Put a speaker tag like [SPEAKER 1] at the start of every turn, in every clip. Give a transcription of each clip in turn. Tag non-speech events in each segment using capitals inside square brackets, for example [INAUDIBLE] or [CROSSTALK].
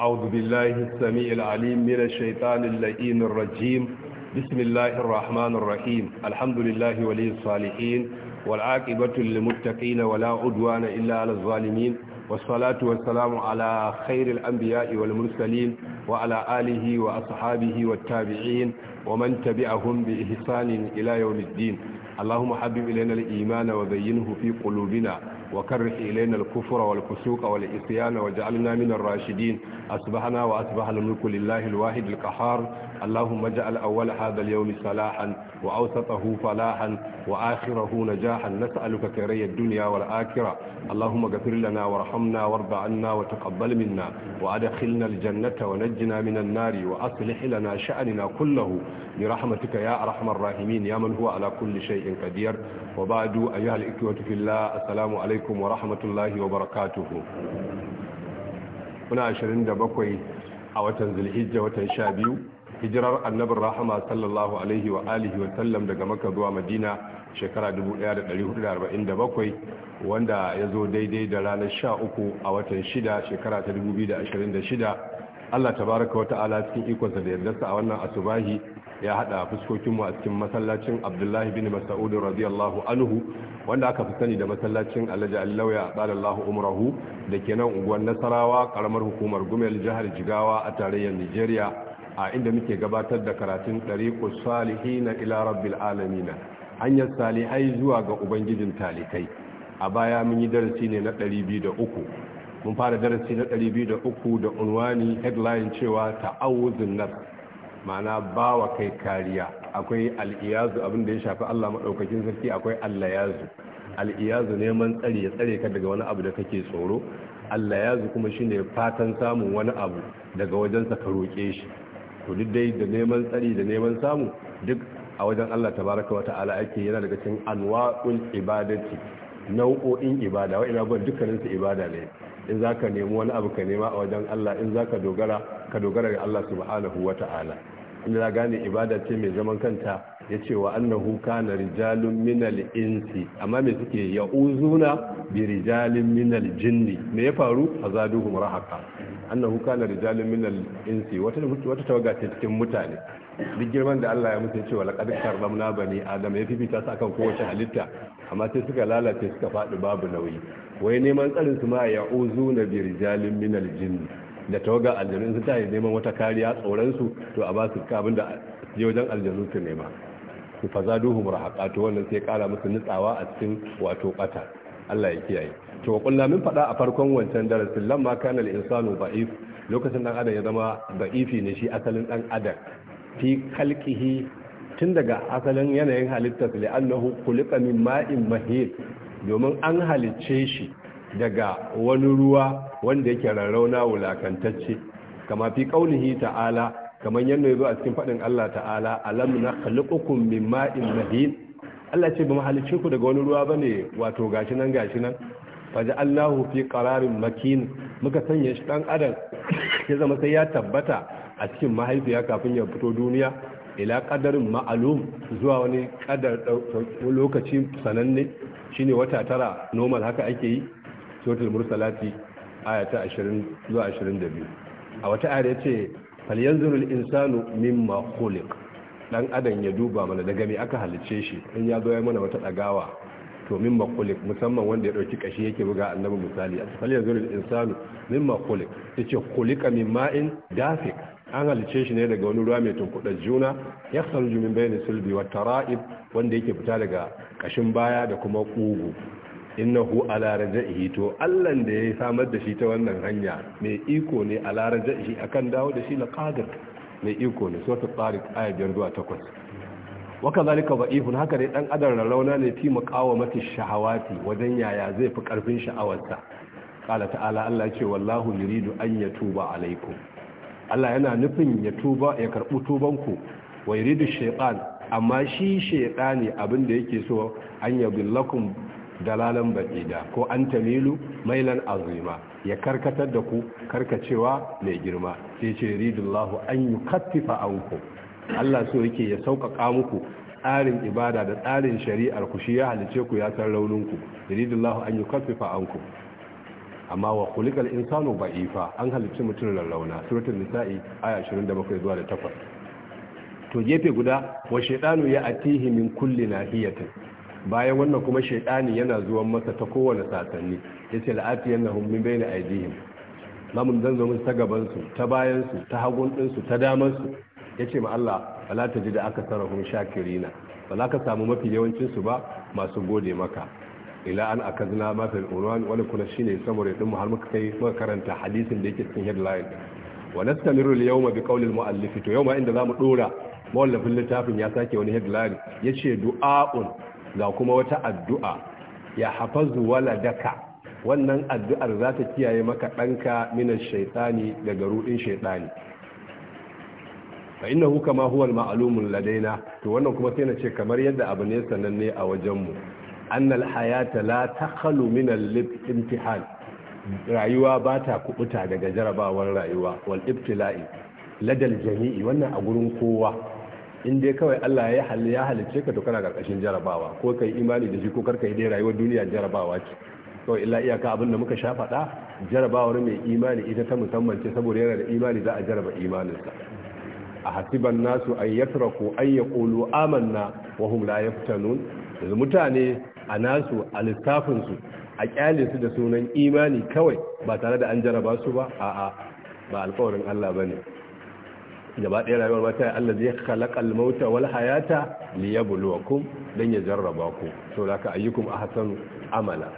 [SPEAKER 1] أعوذ بالله السميع العليم من الشيطان اللئيم الرجيم بسم الله الرحمن الرحيم الحمد لله ولي الصالحين والعاقبة للمتقين ولا عدوان إلا على الظالمين والصلاة والسلام على خير الأنبياء والمرسلين وعلى آله وأصحابه والتابعين ومن تبعهم بإحسان إلى يوم الدين اللهم حبب إلينا الإيمان وبينه في قلوبنا وكره إلينا الكفر والفسوق والعصيان واجعلنا من الراشدين أصبحنا وأصبح الملك لله الواحد القهار اللهم اجعل أول هذا اليوم صلاحا وأوسطه فلاحا وآخره نجاحا نسألك كري الدنيا والآخرة اللهم اغفر لنا وارحمنا وارض عنا وتقبل منا وأدخلنا الجنة ونجنا من النار وأصلح لنا شأننا كله برحمتك يا أرحم الراحمين يا من هو على كل شيء قدير وبعد أيها الإخوة في الله السلام عليكم alaikum wa rahmatullahi wa barakatuhu muna 27 a watan zulhijja watan 12 hijirar annabin rahama sallallahu alaihi wa alihi wa sallam daga maka zuwa madina shekara 1447 wanda ya zo daidai da ranar 13 a watan 6 shekara ta 2026 Allah tabaraka wa ta'ala cikin ikonsa da yardarsa a wannan asubahi ya hada fuskokinmu a cikin masallacin abdullahi bin mas'ud radiyallahu anhu wanda aka fi sani da masallacin alhaji a tsalallahu umarahu da ke nan unguwar nasarawa karamar hukumar gumel jihar jigawa a tarayyar nigeria a inda muke gabatar da karatun ɗariƙo salihina ila ilarar alamina hanyar salihai zuwa ga ubangijin talikai a baya mun yi darasi ne na uku mun fara darasi na 203 da uku da unwani headline cewa ta'awuzin nafs ma'ana ba wa kai kariya akwai al'iyazu abin da ya shafi Allah maɗaukakin sarki akwai allayazu al'iyazu neman tsare ya tsare ka daga wani abu da kake tsoro zu kuma shine fatan samun wani abu daga wajensa ka roƙe shi to duk dai da neman tsari da neman samu duk a wajen Allah tabaraka wa ta'ala ake yana daga cikin anwa'ul ibadati nau'o'in ibada wa ina gwan dukkanin su ibada ne in zaka nemi wani abu ka nema a wajen Allah in zaka dogara ka dogara ga Allah subhanahu wa ta'ala inda gane ibada ce mai zaman kanta ya ce wa annahu kana rijalun minal insi amma me suke ya'uzuna bi rijalin minal jinni me ya faru azaduhum rahaka annahu kana rijalun minal insi wata wata tawaga ce cikin mutane duk girman da Allah ya mutu ya ce wa laqad karramna bani adam ya fifita su akan kowace halitta amma sai suka lalace suka faɗi babu nauyi wai neman tsarin su ma ya'uzuna bi rijalin minal jinni da tawaga aljanu sun tashi neman wata kariya tsoronsu to a ba su kabin da je wajen aljanu su nema su fazaduhum to wannan sai kara musu nutsawa a cikin wato bata Allah ya kiyaye to kullum min fada a farkon wancan darasin lamma kana al-insanu ba'if lokacin dan adam ya zama ba'ifi ne shi asalin dan adam fi khalqihi tun daga asalin yanayin halittar su li'annahu kulika min ma'in mahil domin an halicce shi daga wani ruwa wanda yake rarrauna wulakantacce kama fi qaulihi ta'ala kaman yanda yazo a cikin fadin Allah ta'ala alam nakhluqukum min ma'in mahin Allah ce ba mahalicce ku daga wani ruwa bane wato gashi nan gashi nan Allahu fi qararin makin muka sanya shi dan adam ya zama sai ya tabbata a cikin mahaifiya kafin ya fito duniya ila qadarin ma'alum zuwa wani qadar lokaci sananne shine wata tara normal haka ake yi suratul mursalati ayata 20 zuwa 22 a wata ayar yace falyanzurul insanu mimma khuliq dan adam ya duba mana daga me aka halice shi in ya zo ya mana wata dagawa to mimma khuliq musamman wanda ya dauki kashi yake buga annabi misali falyanzurul insanu mimma khuliq yace khuliqa min ma'in dafiq an halice shi ne daga wani ruwa mai tunkuɗa juna ya kharuju min bayni sulbi wa tara'ib wanda yake fita daga kashin baya da kuma kugu innahu ala raja'ihi to Allah da ya samar da shi ta wannan hanya mai iko ne ala raja'ihi akan dawo da shi laqadir mai iko ne suratul tariq aya zuwa takwas. wa kadhalika haka dai dan adar rauna ne fi muqawamati shahawati wajen yaya zai fi karfin sha'awarsa qala ta'ala Allah ce wallahu yuridu an yatuba alaikum Allah yana nufin ya tuba ya karbu tubanku wa yuridu shaytan amma shi shaytani abin da yake so an yabillakum dalalan baƙida ko an tamilu mailan azuma ya karkatar da ku karkacewa mai girma sai ce ridullahu an yi yukaffifa anku Allah so yake ya sauƙaƙa muku tsarin ibada da tsarin shari'ar ku shi ya halice ku ya san rauninku, ku ridullahu an yukaffifa anku amma wa kulikal insanu ba'ifa an halice mutum lallauna suratul nisa'i aya 27 zuwa da 8 to gefe guda wa shaidanu ya atihi min kulli nahiyatin bayan wannan kuma shaidani yana zuwan masa ta kowane sasanni ya ce la'afiyan na hummin bai na aidihim namun zan ta gabansu ta bayansu ta hagun ɗinsu ta damansu ya ce ma Allah bala ta ji da aka shakiri shakirina ba za ka samu mafi yawancinsu ba masu gode maka ila an aka zina mafi al'urwan wani kuna ne saboda ɗin mu har muka kai muka karanta hadisin da yake cikin headline wa nastamiru al-yawma bi qawli al-mu'allif to yawma inda zamu ɗora mawallafin littafin ya sake wani headline yace du'a'un ga kuma wata addu'a ya hafazu waladaka wannan addu'ar za ta kiyaye maka ɗanka minan shaitani daga ruɗin shaitani fa innahu kama huwa al ladaina to wannan kuma sai na ce kamar yadda abu ne sananne a wajenmu annal hayata la takhalu min al-imtihan rayuwa ba ta kuɓuta daga jarabawar rayuwa wal ibtila'i ladal jami'i wannan a gurin kowa in dai kawai Allah ya halli ya halicce ka to kana karkashin jarabawa ko kai imani da shi ko karka yi dai rayuwar duniya jarabawa ce kawai illa iyaka abin da muka sha faɗa jarabawar mai imani ita ta musamman ce saboda yana da imani za a jaraba sa a hasiban nasu ay yatraku ay yaqulu amanna wa hum la yaftanun yanzu mutane a nasu a littafin su a kyale su da sunan imani kawai ba tare da an jaraba su ba a'a ba alƙawarin Allah bane gaba ɗaya rayuwar wata Allah zai khalaqal mauta wal hayata liyabluwakum dan ya jarraba ku to laka ayyukum ahsan amala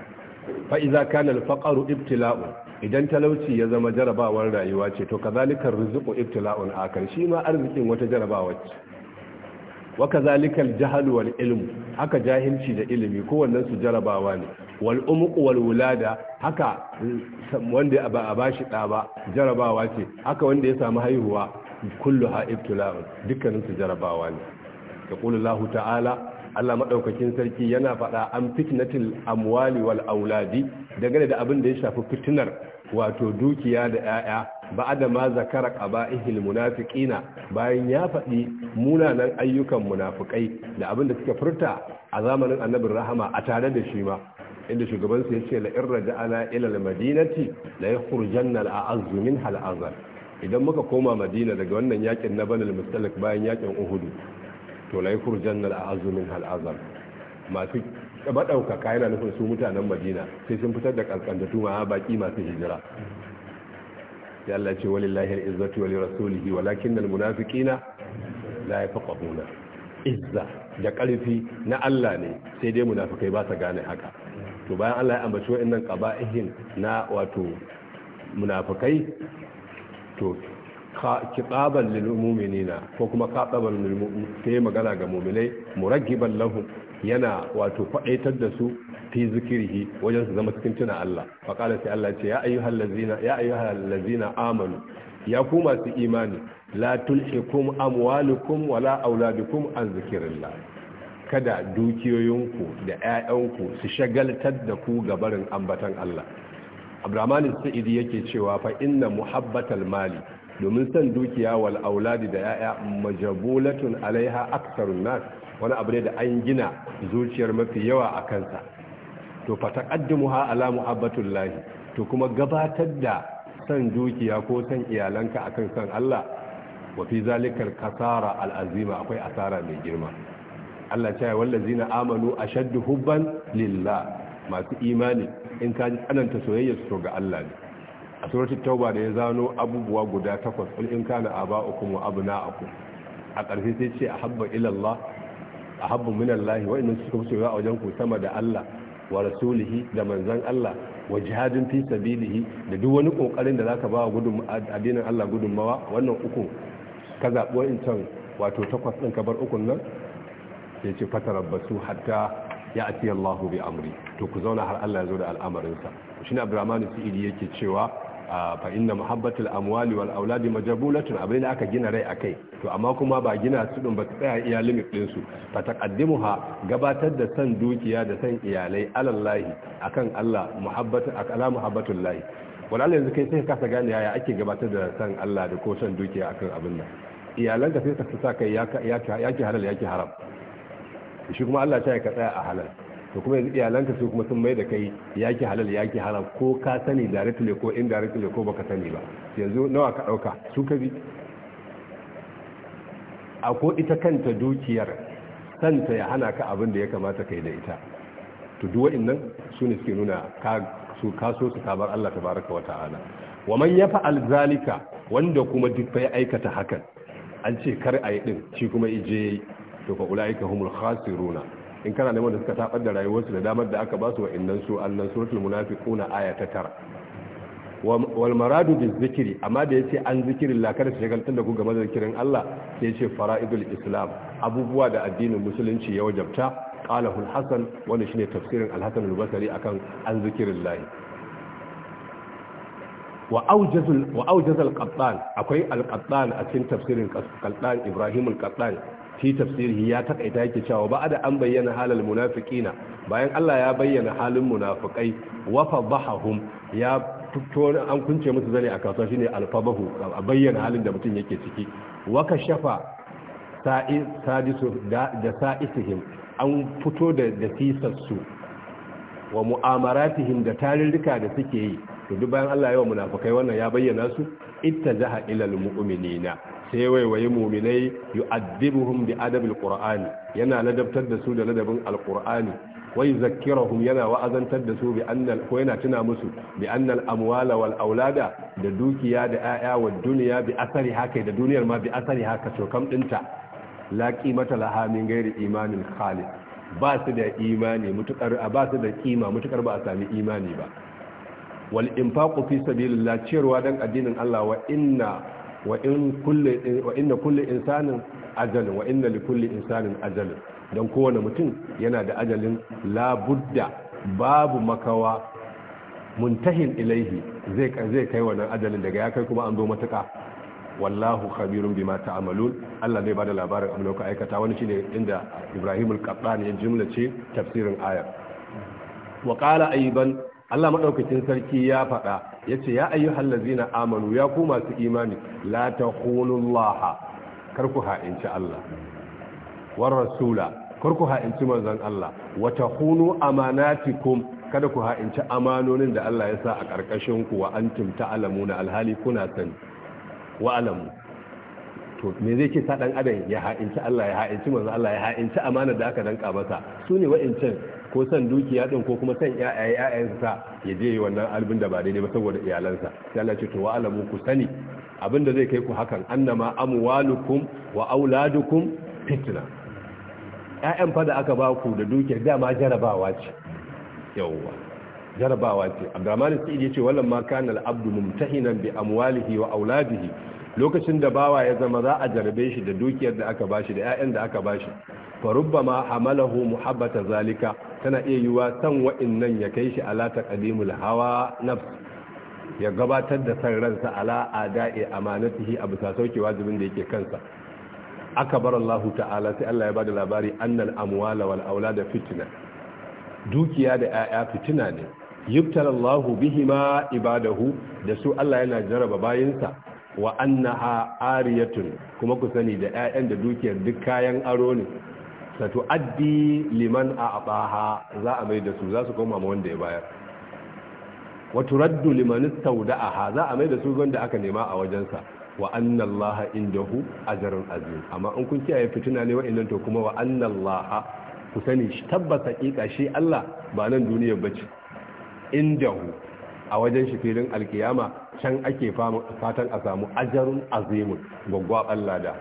[SPEAKER 1] fa idza kana al faqru ibtila'un idan talauci ya zama jarabawar rayuwa ce to kazalika rizqu ibtila'un akan shi ma arzikin wata jarabawa ce wa kazalika al jahlu wal ilm haka jahilci da ilimi ko wannan su jarabawa ne wal umuku wal wulada haka wanda ba a bashi da ba jarabawa ce haka wanda ya samu haihuwa kulluha ibtila'un dukkanin su jarabawa ne yaqulu Lahu ta'ala Allah madaukakin sarki yana faɗa an fitnatil amwali wal auladi dangane da abin da ya shafi fitinar wato dukiya da 'ya'ya ba'ada ma zakara qaba'ihil munafiqina bayan ya faɗi munanan ayyukan munafukai da abin da suka furta a zamanin annabin rahama a tare da shi ma inda shugabansu ya ce la in raja'ana ila al-madinati la yukhrijanna al-a'azzu minha al idan muka koma madina daga wannan yakin na banal mustalik bayan yakin uhudu to lai yakhrujan na azumin hal azam masu madaukaka yana nufin su mutanen madina sai sun fitar da kalkandatu ma baki masu hijira ya Allah ce walillahi izzatu wani rasulihi walakin munafiki na la yafqahuna izza da ƙarfi na Allah ne sai dai munafikai ba su gane haka to bayan Allah ya ambaci nan ƙaba'ihin na wato munafikai to kitaban lil na ko kuma kitaban lil mu'min sai magana ga mu'minai muragiban lahum yana wato faɗaitar da su fi zikirhi wajen su zama cikin tuna Allah fa qala sai Allah ce ya ayyuhal ladzina ya amanu ya ku masu imani la tulhikum amwalukum wala auladukum an zikrillah kada dukiyoyinku da ƴaƴanku su shagaltar da ku ga barin ambatan Allah abdurrahman sa'idi yake cewa fa inna muhabbatal mali domin san dukiya wal auladi da yaya majabulatun alaiha aktharun nas wani abu ne da an gina zuciyar mafi yawa a kansa to fa taqaddimuha ala muhabbatul lahi to kuma gabatar da san dukiya ko san iyalanka akan san Allah wa fi zalikal kasara al azima akwai asara mai girma Allah ya ce wallazina amanu ashaddu hubban lillah masu imani in ka ji tsananta soyayyar su ga Allah ne a suratul tauba da ya zano abubuwa guda takwas kul in kana aba'ukum wa abna'ukum a ƙarfi sai ce ahabba ila Allah ahabbu min Allah wa in suka fi soyayya a wajen ku sama da Allah wa rasulihi da manzan Allah wa jihadin fi sabilihi da duk wani kokarin da zaka ba gudun addinin Allah gudunmawa wannan uku ka zabo in can wato takwas din ka bar ukun nan sai ce fatarabbasu hatta ya ati Allah bi amri to ku zauna har Allah ya zo da al'amarinsa shine su iri yake cewa ah, fa inna muhabbatul amwali wal auladi majabulatun abin da aka gina rai akai to amma kuma ba gina su din ba tsaya iya limit din su fa taqaddimuha gabatar da san dukiya da san iyalai alallahi akan Allah muhabbatu lahi wala yanzu kai sai kasa gane yaya ake gabatar da san Allah da ko san dukiya akan abin nan iyalanka sai ka sa kai ya ya halal ya ki haram shi kuma Allah ta ka tsaya a halal to kuma yanzu iyalanka su kuma sun mai da kai yaki halal yaki haram ko ka sani directly ko indirectly ko baka sani ba yanzu nawa ka dauka su ka bi a ko ita kanta dukiyar santa ya hana ka abin da ya kamata kai da ita to duk wa'annan su ne suke nuna ka su kaso su sabar Allah tabaraka wa ta'ala wa man yaf'al zalika wanda kuma duk ya aikata hakan an ce kar a yi din shi kuma ije to fa ulaika humul khasiruna in kana neman da suka tabar da rayuwarsu da damar da aka ba su wa'annan su annan suratul munafiquna aya ta tara wal maradu amma da yace an zikirin la kada shagaltar da ku game da zikirin Allah sai yace fara'idul islam abubuwa da addinin musulunci ya wajabta qalahu al-hasan wani shine tafsirin al-hasan al-basri akan an zikirin lahi wa aujazul wa aujazal qattan akwai al-qattan a cikin tafsirin qattan ibrahim al-qattan fi tafsirihi ya takaita yake cewa ba da an bayyana halal munafiqina bayan Allah ya bayyana halin munafiqai wa fadhahum ya fito an kunce musu zane a kasuwa shine alfabahu a bayyana halin da mutum yake ciki wa kashafa sa'i sadisu da sa'isihim an fito da da su wa mu'amaratihim da tarirrika da suke yi to duk bayan Allah ya wa munafikai wannan ya bayyana su ittajaha ilal mu'minina sai waiwaye mu'minai yu'adibuhum bi adabil qur'ani yana ladabtar da su da ladabin alqur'ani wai zakkirahum yana wa'azantar da su bi annal ko yana tuna musu bi annal amwala wal aulada da dukiya da ayya wa dunya bi asari haka da duniyar ma bi asari haka to kam dinta la qimata laha min ghairi imanin khalid ba su da imani mutukar ba su da kima mutukar ba a sami imani ba wal infaqu fi sabilillah cewa dan addinin Allah wa inna wa in kulli wa inna kulli insanin ajalin wa inna li kulli insanin ajalin dan kowane mutum yana da ajalin la budda babu makawa muntahin ilaihi zai zai kai wannan ajalin daga ya kai kuma an zo matuka wallahu khabirun bima ta'malun Allah zai bada labarin abin da kuka aikata wani shine inda Ibrahim al-Qattani ya jumla ce tafsirin aya wa qala ayban Allah madaukakin sarki ya faɗa yace ya ayyuhal ladzina amanu ya ku masu imani la takhunullaha kar ku ha'inci Allah war rasula kar ku ha'inci manzan Allah wa takhunu amanatikum kada ku ha'inci amanonin da Allah ya sa a karkashin ku wa antum ta'lamuna alhali kuna sani wa alamu to me zai ke sa dan adam ya ha'inci Allah ya ha'inci manzan Allah ya ha'inci amana da aka danka masa su ne wa'incan ko san dukiya din ko kuma san yaya ƴaƴansa ya je yi wannan albin da ba daidai ba saboda iyalansa sai Allah ce to wa alamu ku sani abin zai kai ku hakan annama amwalukum wa auladukum fitna Ya'yan fa da aka ba ku da dukiya dama jarabawa ce yawwa jarabawa ce Abdurrahman sai ya ce wallan ma kana al-abdu mumtahinan bi amwalihi wa auladihi lokacin da bawa ya zama za a jarabe shi da dukiyar da aka bashi da ƴaƴan da aka bashi fa rubbama hamalahu muhabbata zalika tana iya yiwa san nan ya kai shi ala taqdimul hawa nafs ya gabatar da san ransa ala ada'i amanatihi a bisa sauke wajibin da yake kansa Aka bar Allah ta'ala sai Allah ya ba da labari annal amwala wal aulada fitna dukiya da 'ya'ya fitina ne yubtala Allahu bihima ibadahu da su Allah yana jaraba bayinsa wa annaha ariyatun kuma ku sani da 'ya'yan da dukiyar duk kayan aro ne ta tu'addi liman a'taha za a mai da su za su koma ma wanda ya bayar wa turaddu liman istawda'aha za a mai da su wanda aka nema a wajensa wa anna allaha indahu ajrun azim amma in kun kiyaye fitina ne wa'annan to kuma wa anna allaha ku sani tabbata hakika shi Allah ba nan duniyar bace indahu a wajen shi filin alkiyama can ake fatan a samu ajarun azimun Allah da.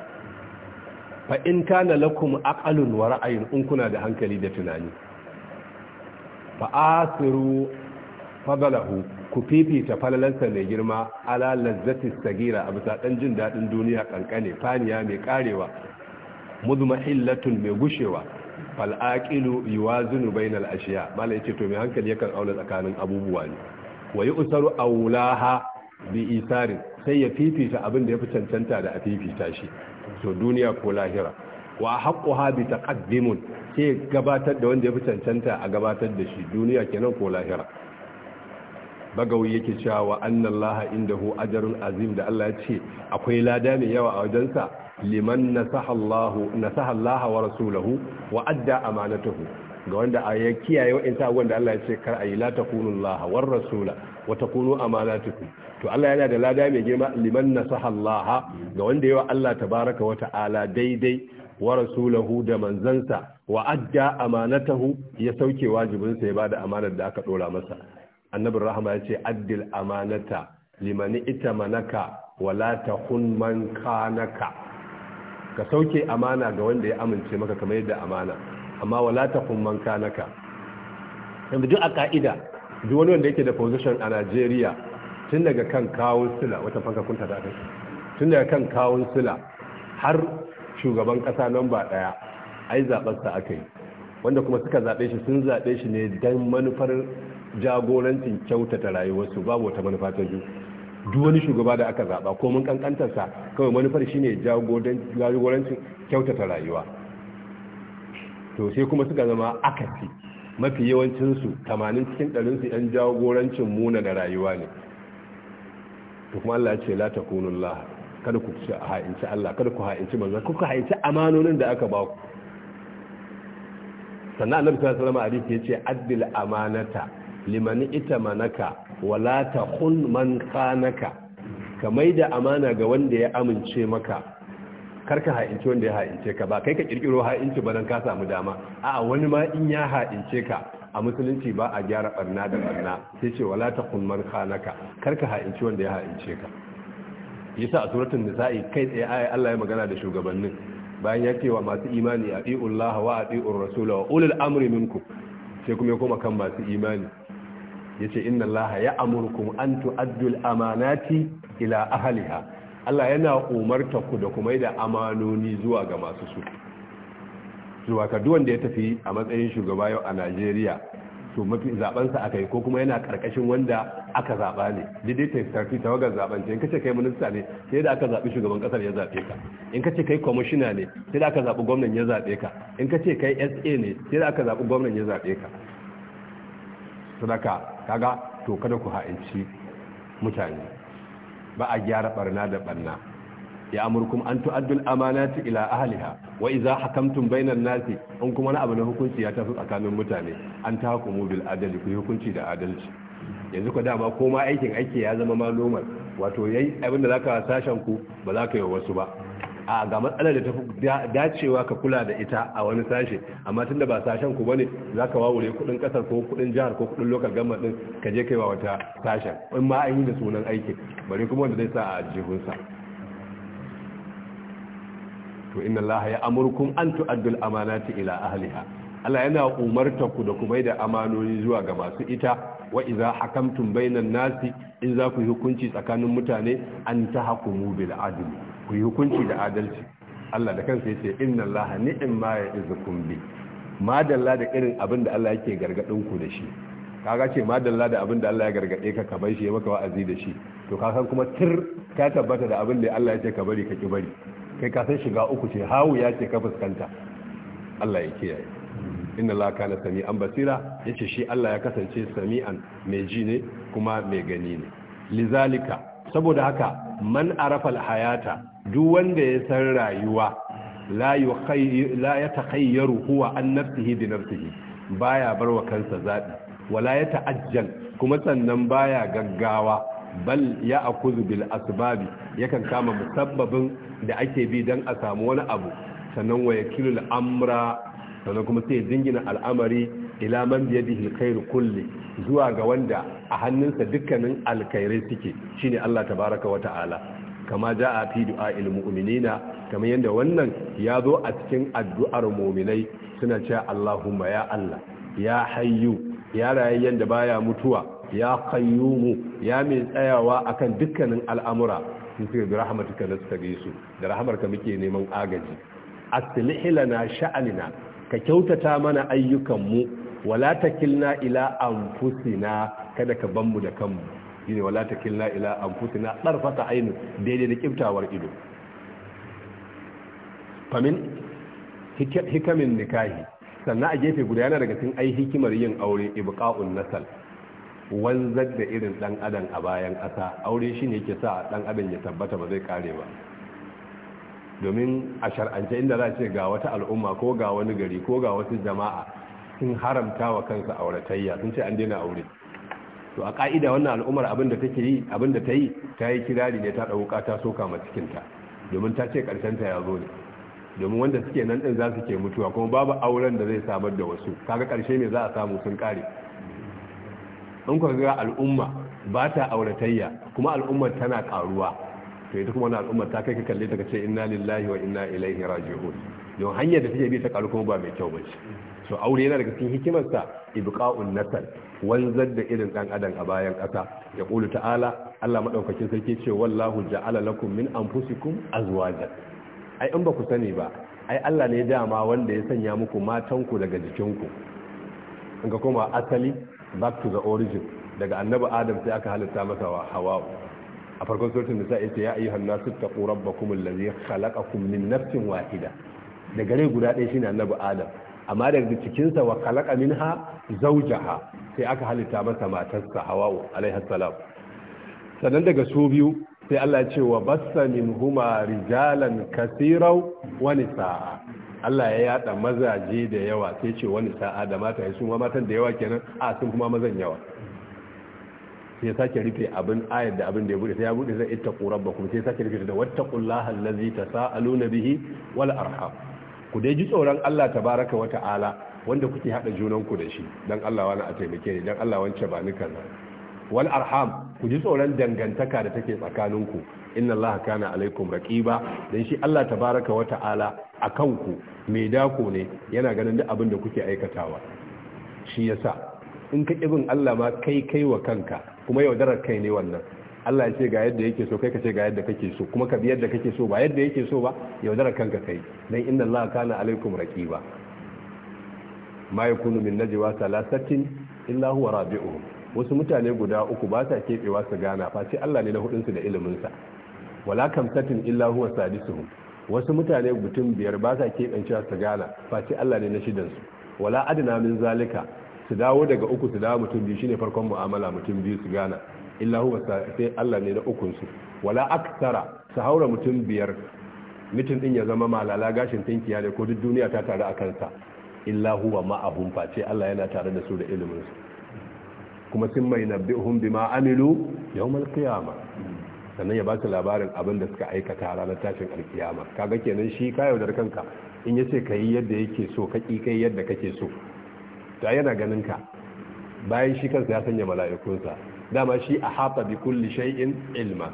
[SPEAKER 1] fa in kana lakum aqalun wa ra'ayun in kuna da hankali da tunani fa asiru fadalahu ku fifita falalansa mai girma ala lazzati sagira a bisa dan jin dadin duniya kankane faniya mai karewa hillatun mai gushewa fal aqilu yuwazinu bainal ashiya malai yace to mai hankali yakan auna tsakanin abubuwa ne wa yusaru aulaha bi isarin sai ya fifita abin da ya fi cancanta da a fifita shi to duniya ko lahira wa ha bi ƙaddimun sai gabatar da wanda ya fi cancanta a gabatar da shi duniya kenan ko lahira bagawai yake cewa wa laha inda hu ajarun azim da Allah ya ce akwai lada mai yawa a wajensa liman nasaha Allahu wa rasulahu wa adda amanatahu ga wanda a ya kiyaye wa insa wanda Allah ya ce kar ayi la takunu Allah war rasula wa takunu amanatukum to Allah yana da lada mai girma liman nasaha Allah ga wanda yawa Allah tabaraka wa ta'ala daidai wa rasulahu da manzansa wa adda amanatahu ya sauke wajibin wajibinsa ya bada amanar da aka dora masa annabi rahama ya ce addil amanata limani ita wa wala takun man kanaka ka sauke amana ga wanda ya amince maka kamar yadda amana amma wala taqum man kanaka yanzu duk a ka'ida duk wani wanda yake da position a Najeriya tun daga kan kawun sila wata fanka kun ta dace tun daga kan kawun sila har shugaban kasa namba daya ai zaben sa akai wanda kuma suka zabe shi sun zabe shi ne dan manufar jagorancin kyautata rayuwarsu babu wata manufa ta duk wani shugaba da aka zaba ko mun kankantarsa kawai manufar shine jagorancin kyautata rayuwa to sai kuma suka zama akasi mafi yawancinsu tamanin cikin ɗarinsu ‘yan jagorancin muna da rayuwa ne to kuma Allah ce la takunun laha kada ku ha'inci Allah kada ku ha'inci manzan kuka ku ha'inci amanonin da aka ba ku sannan annabi sallallahu alaihi wasallam ce addil amanata liman wa wala kun man kanaka ka maida amana ga wanda ya amince maka Kar ka ha'inci wanda ya ha'ince ka ba kai ka kirkiro ha'inci ba dan ka samu dama a'a wani ma in ya ha'ince ka a musulunci ba a gyara barna da barna sai ce wala taqul man kar karka ha'inci wanda ya ha'ince ka yasa a suratul nisa'i kai tsaye ayi Allah ya magana da shugabannin bayan ya ce wa masu imani atiullaha wa atiur rasul wa ulul amri minku sai kuma ya koma kan masu imani yace inna ya ya'murukum an tu'addul amanati ila ahliha Allah yana umarta ku da kuma da amanoni zuwa ga masu su zuwa ka duwan da ya tafi a matsayin shugaba yau a Najeriya to mafi zabansa aka yi ko kuma yana karkashin wanda aka zaba ne daidai ta tafi tawagar zabance in kace kai minista ne sai da aka zabi shugaban kasar ya zabe ka in kace kai commissioner ne sai da aka zabi gwamnan ya zabe ka in kace kai SA ne sai da aka zabi gwamnan ya zabe ka sadaka kaga to kada ku ha'inci mutane ba a gyara barna da barna ya amurkum an tu'addul amanati ila ahliha wa idza hakamtum bainan nasi in kuma na abu na hukunci ya tafi tsakanin mutane an tahkumu bil adli ku hukunci da adalci yanzu ko dama ko ma aikin aiki ya zama malumar wato yayi abinda zaka sashen ku ba za ka yi wasu ba a ga matsalar da ta fi dacewa ka kula da ita a wani sashe amma da ba sashen ku bane ka wawure kudin kasar ko kudin jihar ko kudin lokal gama din ka je kai wa wata sashen in ma an yi da sunan aiki bari kuma wanda zai sa a jihunsa to inna Allah ya amurkum an tu'addu al-amanati ila ahliha Allah yana umarta ku da ku da amanoni zuwa ga masu ita wa idza hakamtum bainan nasi in za ku yi hukunci tsakanin mutane an tahkumu bil adli ku yi hukunci da adalci Allah da kansa ya yace inna Allah ni'ma ya'izukum bi madalla da irin abin da Allah yake gargadin ku da shi kaga ce madalla da abin da Allah ya gargade ka ka bar shi ya maka wa'azi da shi to ka san kuma tir ka tabbata da abin da Allah ya ce ka bari ka ki bari kai ka san shiga uku ce hawu ya ce ka fuskanta Allah ya kiyaye inna Allah kana sami'an basira yace shi Allah ya kasance sami'an mai ji ne kuma mai gani ne lizalika saboda haka man arafa hayata duk wanda ya san rayuwa la ya takhayyaru huwa an nafsihi bi nafsihi baya barwa kansa zabi wala ya ta'ajjal kuma sannan baya gaggawa bal ya akuzu bil asbabi yakan kama musabbabin da ake bi dan a samu wani abu sannan wa yakilu amra sannan kuma sai dingina al'amari ila man bi yadihi kulle zuwa ga wanda a hannunsa dukkanin alkhairai suke shine Allah tabaraka wa ta'ala kama ja a fi ilmu mu'minina kamar yanda wannan ya zo a cikin addu'ar mu'minai suna cewa Allahumma ya Allah ya hayyu ya rayayyen da baya mutuwa ya qayyumu ya mai tsayawa akan dukkanin al'amura sun suka bi rahmatuka gaisu da rahmarka muke neman agaji aslihi lana sha'anina ka kyautata mana ayyukanmu wala takilna ila anfusina kada ka banmu da kanmu shine wala killa ila anfusina darfata ainu daidai da kiftawar ido famin hikamin nikahi sannan a gefe guda yana daga cikin ai hikimar yin aure ibqa'un nasal wanzar da irin dan adam a bayan ƙasa aure shine yake sa dan adam ya tabbata ba zai kare ba domin a shar'ance inda za ce ga wata al'umma ko ga wani gari ko ga wasu jama'a sun haramta wa kansa auratayya sun ce an daina aure to a ka'ida wannan al'ummar abin da take yi abin da ta yi ta yi kirari ne ta ɗauka ta soka ma cikinta domin ta ce ƙarshenta ya zo ne domin wanda suke nan ɗin za su ke mutuwa kuma babu auren da zai samar da wasu kaga ƙarshe ne za a samu sun kare. in ku ga al'umma ba ta auratayya kuma al'ummar tana ƙaruwa to ita kuma wannan al'ummar ta kai ka kalle ta ce inna lillahi wa inna ilaihi raji'un don hanyar da take bi ta ƙaru kuma ba mai kyau ba ce to aure yana daga cikin hikimarsa ibqa'un nasal wanzar da irin dan adam a bayan ƙasa ya qulu ta'ala Allah madaukakin sarki ce wallahu ja'ala lakum min anfusikum azwajan ai in ba ku sani ba ai Allah ne dama wanda ya sanya muku matan ku daga jikinku in kuma koma asali back to the origin daga annabi adam sai aka halitta masa wa hawa a farkon sautin nisa ita ya ayyuhan nasu taqu rabbakum allazi khalaqakum min nafsin wahida da gare guda ɗaya shine annabi adam amma daga cikinsa wa khalaqa minha zaujaha sai aka halitta masa matarsa hawa'u alaiha salam sannan daga su biyu sai Allah ya ce wa bassa huma rijalan kasirau wa nisaa Allah ya yada mazaje da yawa sai ce wa nisaa da mata su ma matan da yawa kenan a sun kuma mazan yawa sai sake rufe abin ayar da abin da ya bude sai ya bude zai ittaqu rabbakum sai sake rufe da wattaqullaha allazi tasaaluna bihi wal arham ku dai ji tsoron Allah tabaraka wa ta'ala wanda kuke hada junan ku da shi dan Allah wani a taimake ni dan Allah wance ba ni kaza wal arham ku ji tsoron dangantaka da take tsakanin ku inna Allah kana alaikum raqiba dan shi Allah ta tabaraka wa ta'ala akan ku mai dako ne yana ganin duk abin da kuke aikatawa shi yasa in ka kibin Allah ma kai kai wa kanka kuma yaudarar kai ne wannan Allah ya ce ga yadda yake so kai ka ce ga yadda kake so kuma ka bi yadda kake so ba yadda yake so ba yaudara kanka kai dan inna Allah kana alaikum raqiba ma yakunu min najwa thalathatin illa huwa rabi'uhum wasu mutane guda uku ba ta kebewa su gana ce Allah ne na hudun su da ilimin sa wala satin illa huwa sadisuhum wasu mutane mutum biyar ba ta kebancewa su gana ce Allah ne na shidan su wala adna min zalika su dawo daga uku su dawo mutum biyu shine farkon mu'amala mutum biyu su gana illa huwa sai Allah ne na ukun su wala aktara su haura mutum biyar mutum din ya zama malala gashin tinkiya ne ko duk duniya ta tare a kansa illa huwa ma'ahum face Allah yana tare da su da ilimin su kuma sun mai nabbi'uhum bima amilu yawmal qiyama sannan ya ba su labarin abin da suka aikata ranar tashin alkiyama kaga kenan shi ka yaudar kanka in ya ka kai yadda yake so ka ki kai yadda kake so ta yana ganin ka bayan shi kansa ya sanya mala'ikunsa dama shi a hafa bi kulli shay'in ilma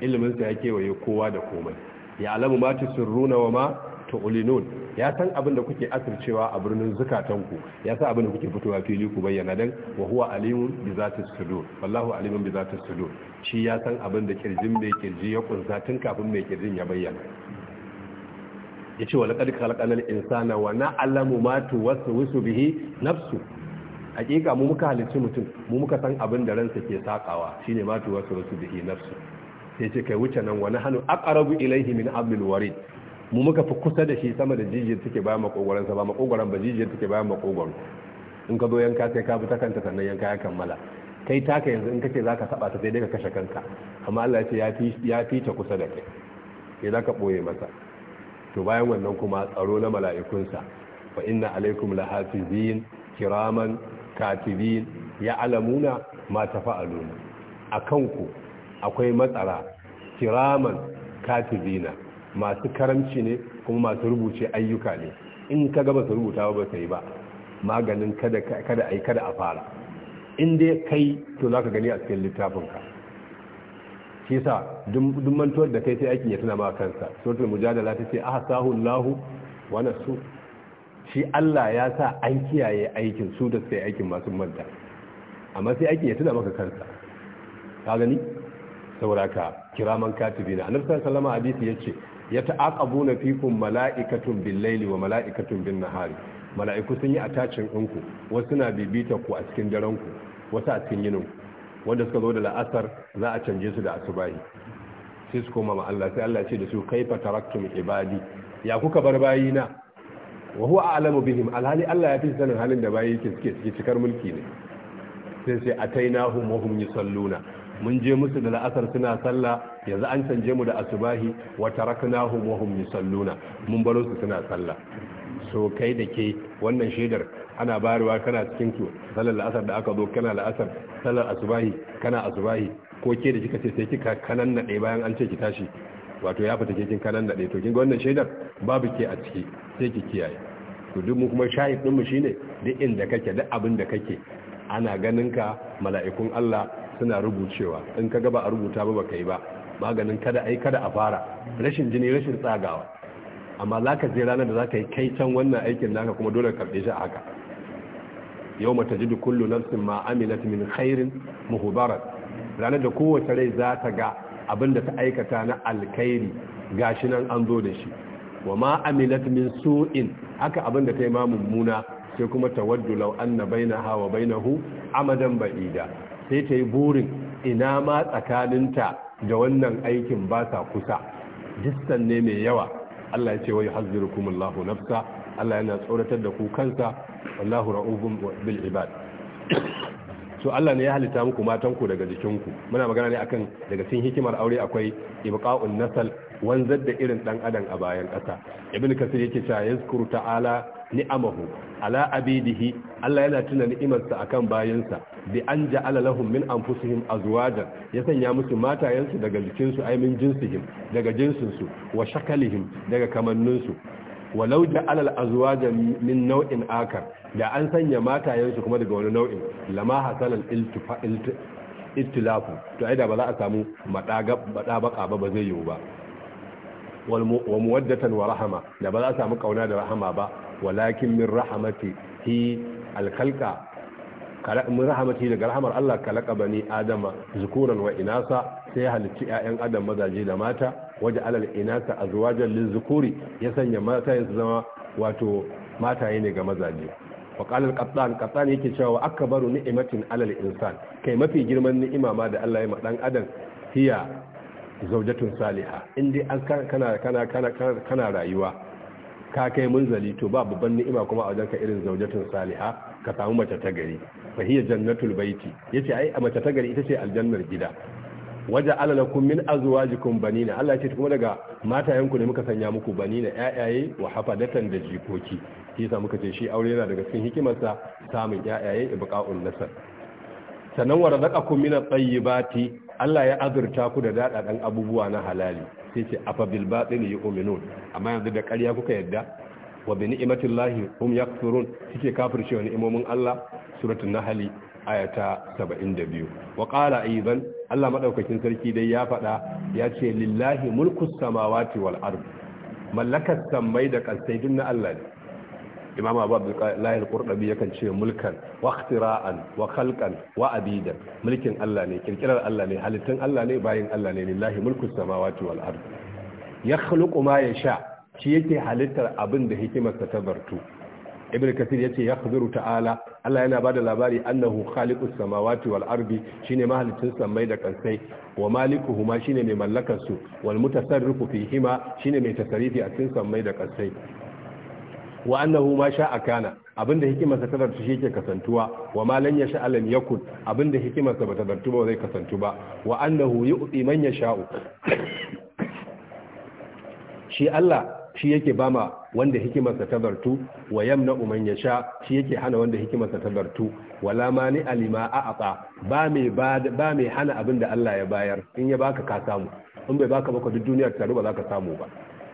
[SPEAKER 1] ilmin sa yake waye kowa da komai ya alamu ma tusirruna wa ma tu'linun ya san abin da kuke asircewa a birnin zukatanku ya san abin da kuke fitowa fili ku bayyana dan wa huwa alimun bi zati sudur wallahu alimun bi zati sudur shi ya san abin da kirjin mai kirji ya kunsa tun kafin mai kirjin ya bayyana yace wa laqad khalaqnal insana wa na'lamu ma tuwaswisu bihi nafsu hakika mu muka halicci mutum mu muka san abin da ransa ke sakawa shine ma tuwa su wasu bihi nafsu sai ce kai wuce nan wani hannu aqrabu ilaihi min abdul warid mu muka fi kusa da shi sama da jijiyar take bayan makogoran ba makogoran ba jijiyar take bayan makogoro in ka zo yanka sai ka bi ta kanta sannan yanka ya kammala kai taka yanzu in kace zaka saba ta sai dai ka kashe kanka amma Allah ya ce ya fi ta kusa da kai sai zaka boye masa to bayan wannan kuma tsaro na mala'ikunsa fa inna alaikum lahafizin kiraman katibin ya alamuna ma ta tafa'aluna akan ku akwai matsara kiraman katibina masu karamci ne kuma masu rubuce ayyuka ne in ka gaba su rubuta ba ta yi ba maganin kada kada ai kada a fara in dai kai to zaka gani a cikin littafinka shi yasa duk da kai sai aikin ya tuna ma kansa suratul mujadala ta ce tace ahsahu lahu wa nasu shi Allah ya sa an kiyaye aikin su da suka yi aikin masu manta amma sai aikin ya tuna maka kansa ka gani sauraka kiraman na annabi sallallahu alaihi wasallam ya yace yata'aqabuna fikum mala'ikatun bil-laili wa mala'ikatun bin-nahari mala'iku sun yi din ku wasu na bibita ku a cikin daren ku wasu a cikin yinin wanda suka zo da la'asar za a canje su da asubahi sai su koma ma Allah sai Allah ce da su kaifa taraktum ibadi ya kuka bar bayina wa huwa a'lamu bihim alhali Allah ya fi sanin halin da bayi yake suke cikin cikar mulki ne sai sai atainahum wa hum yusalluna mun je musu da la'asar suna sallah yanzu an canje mu da asubahi wa taraknahum wa hum yusalluna mun baro su suna sallah so kai da ke wannan shaidar ana bayarwa kana cikin su sallar la'asar da aka zo kana la'asar sallar asubahi kana asubahi ko ke da kika ce sai kika kanan bayan an ce ki tashi wato ya fita ke kin kanan to kin ga wannan shaidar babu ke a ciki sai ki kiyaye to duk mu kuma shahid din mu shine duk inda kake duk abin da kake ana ganin ka mala'ikun Allah suna rubucewa in ka ba a rubuta ba baka yi ba maganin kada ai kada a fara rashin jini rashin tsagawa amma za ka je ranar da zaka yi kai can wannan aikin naka kuma dole ka shi a haka ji da kullu nafsin ma amilat min khairin muhbarat ranar da kowace rai za ta ga abin da ta aikata na alkhairi gashi nan an zo da shi wa ma amilat min su'in haka abin da ta yi ma mummuna sai kuma tawaddu law anna bainaha wa bainahu amadan ba'ida sai ta yi burin ina ma tsakaninta da wannan aikin ba ta kusa distan ne mai yawa Allah ya ce wai Allahu nafsa Allah yana tsoratar da ku kansa wallahu ra'ubun bil ibad so Allah ne ya halitta muku matanku daga jikinku muna magana ne akan daga cikin hikimar aure akwai ibqa'un nasal wanzar da irin dan adam a bayan ƙasa ibn kasir yake cewa yazkuru ta'ala ni'amahu ala abidihi Allah yana tuna ni'imarsa akan bayansa bi an ja'ala lahum min anfusihim azwaja ya sanya musu matayensu daga jikinsu ay min jinsihim daga jinsinsu wa shakalihim daga kamanninsu walau da alal azwaja min nau'in akar da an sanya matayensu kuma daga wani nau'in lama hasalan ittilafu to ai da ba za a samu madaga bada baka ba ba zai yiwu ba wal muwaddatan wa rahama da ba za a samu kauna da rahama ba walakin min rahamati hi alkalqa min rahamati daga rahamar Allah kalaka bani adama zukuran wa inasa sai halitti 'ya'yan adam mazaje da mata waje alal inasa azwajan linzukuri ya sanya mata ya zama wato mataye ne ga mazaje wa qala al-qattan yake cewa akbaru ni'matin alal insan kai mafi girman ni'ima ma da Allah ya ma dan adam hiya zaujatun Saliha. indai an kana kana kana kana rayuwa ka kai munzali to ba babban ni'ima kuma a wajenka irin zaujatun saliha ka samu mace ta gari fa hiya jannatul baiti yace ai a mace ta gari ita ce aljannar gida waje alalakun min azuwajikun banina Allah ce kuma daga matayenku ne muka sanya muku banina 'ya'ya wa hafadatan da jikoki shi yasa muka ce shi aure yana daga cikin hikimarsa samun yayaye ibqa'un nasar sannan wa razaqakum min at-tayyibati Allah ya azurta ku da dadadan abubuwa na halali sai ce afa bil batil yu'minun amma yanzu da ƙarya kuka yadda wa bi ni'matillahi hum yakfurun kike kafircewa ni'imomin Allah suratul nahl ayata 72 wa qala aidan Allah maɗaukakin sarki dai ya faɗa ya ce lillahi mulkus samawati wal ard mallakar sammai da kasai duk na Allah ne Imam Abu Abdullah al ya yakan ce mulkan wa ikhtira'an wa wa abidan mulkin Allah ne ƙirƙirar Allah ne halittun Allah ne bayin Allah ne lillahi mulkus samawati wal Ya yakhluqu ma yasha shi yake halittar abin da hikimarsa ta bartu ibn ya yace yakhbiru ta'ala Allah yana bada labari annahu khaliqus samawati wal ardi shine mahalicin samai da kansai wa malikuhuma shine mai mallakar su wal mutasarrifu fihima shine mai tasarrufi a cikin samai da kansai wa annahu ma sha'a kana abinda hikimarsa ta zartu yake kasantuwa wa ma lan yasha alam yakun abinda hikimarsa bata zartu ba zai kasantu ba wa annahu yu'ti man yasha'u shi Allah shi yake bama wanda hikimarsa ta zartu wa yamna ya sha shi yake hana wanda hikimarsa ta zartu wala ni alima a'ata ba mai ba mai hana abin da Allah ya bayar in ya baka ka samu in bai baka baka duk duniyar ta ba za ka samu ba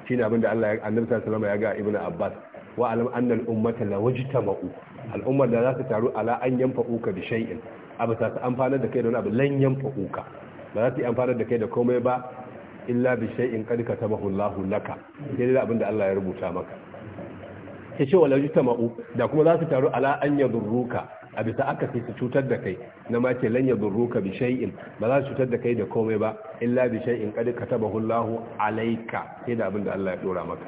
[SPEAKER 1] shine abin da Allah ya annabi sallallahu ya ga ibnu abbas wa alam anna al-ummata lawajtama'u al'ummar da za su taru ala an yanfa'uka bi shay'in abu ta amfana da kai da wani abu lan yanfa'uka ba za su yi amfanar da kai da komai ba illa bi shay'in qad katabahu Allahu laka dai abin da Allah ya rubuta maka ce wala jitama'u da kuma za su taru ala an yadurruka a bisa aka sai su cutar da kai na ma ce lan yadurruka bi shay'in ba za su cutar da kai da komai ba illa bi shay'in qad katabahu Allahu alayka sai da abin Allah ya dora maka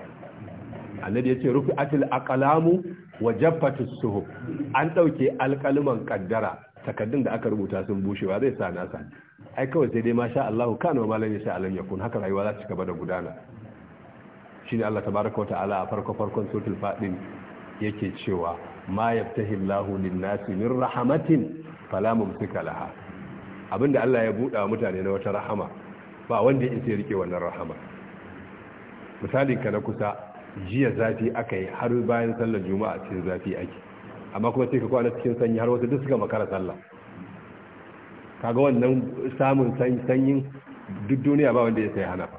[SPEAKER 1] annabi ya ce rufi'atil aqlamu wa jaffatus suhuf an dauke alqaluman qaddara takaddun da aka rubuta sun bushe ba zai sa nasa ai kawai sai dai ma Allah kana malam ya sha alam yakun haka rayuwa za ta cigaba da gudana shine Allah tabaraka wa ta'ala a farko farkon suratul fadin yake cewa ma yaftahi Allahu lin-nasi min rahmatin fala mumsika laha abinda Allah ya buɗa wa mutane na wata rahama ba wanda ya rike wannan rahama misalin ka na kusa jiya zafi aka yi har bayan sallar juma'a cikin zafi ake amma kuma sai ka kwana cikin sanyi har wasu duk suka makara sallah kaga wannan samun sanyin duk duniya ba wanda ya sai hana ba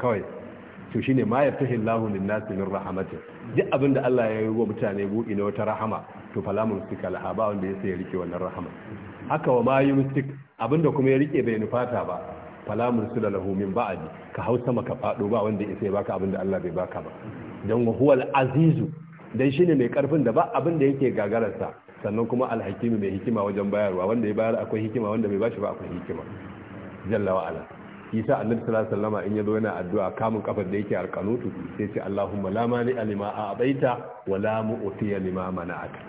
[SPEAKER 1] kawai to shine ma yaftahi Allahu lin-nasi min rahmatin duk abinda Allah ya yi wa mutane buɗi na wata rahama to fala mumsika laha ba wanda ya sai rike wannan rahama haka wa ma yumsik abinda kuma ya rike bai nufata ba fala mursila lahu min ba'di ka hausa maka fado ba wanda ya sai baka abinda Allah bai baka ba dan wa huwal azizu dan shine mai karfin da ba abinda yake gagararsa sannan kuma alhakimi mai hikima wajen bayarwa wanda ya bayar akwai hikima wanda bai bashi ba akwai hikima jalla wa ala isa annabi sallallahu alaihi wasallam in yazo yana addu'a kamun kafar da yake alqanutu sai ce allahumma la mani alima abaita wa la mu'ti lima mana'ata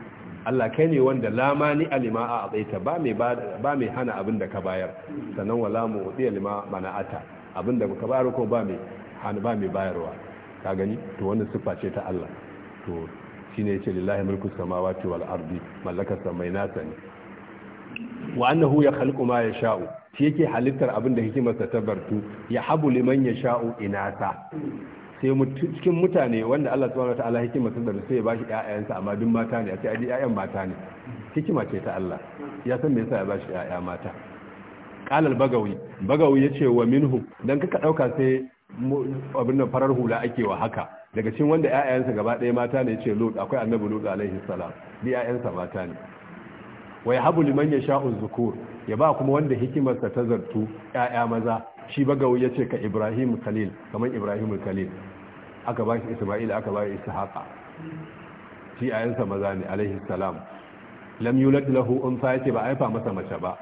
[SPEAKER 1] Allah kai ne wanda la mani alima abaita ba mai ba mai hana abin da ka bayar sannan wa la mu'ti lima mana'ata abin da ka bayar ko ba mai hana ba mai bayarwa ka gani to wannan sifa ce ta Allah to Shi ne ce lillahi mulku samawati wal ardi mallakar samai nasa ne wa annahu ya khalqu ma yasha'u shi yake halittar abin da hikimarsa ta bartu ya habu liman yasha'u inata sai cikin mutane wanda Allah subhanahu wataala hikimarsa da sai ya bashi ƴaƴansa amma duk mata ne a ce ƴaƴan mata ne hikima ce ta Allah ya san me yasa ya bashi ƴaƴa mata al bagawi bagawi yace wa minhu dan kaka dauka sai abin nan farar hula ake wa haka daga cikin wanda 'ya'yansa gaba ɗaya mata ne yace lut akwai annabi lut alaihi salam bi 'ya'yansa mata ne wa yahabu liman yasha'u zukur ya ba kuma wanda hikimarsa ta zartu 'ya'ya maza shi bagawi yace ka ibrahim khalil kamar ibrahim khalil aka ba shi isma'il aka ba shi ishaqa shi ƴaƴansa maza ne alaihi salam lam yulad lahu unsa yace ba aifa masa mace ba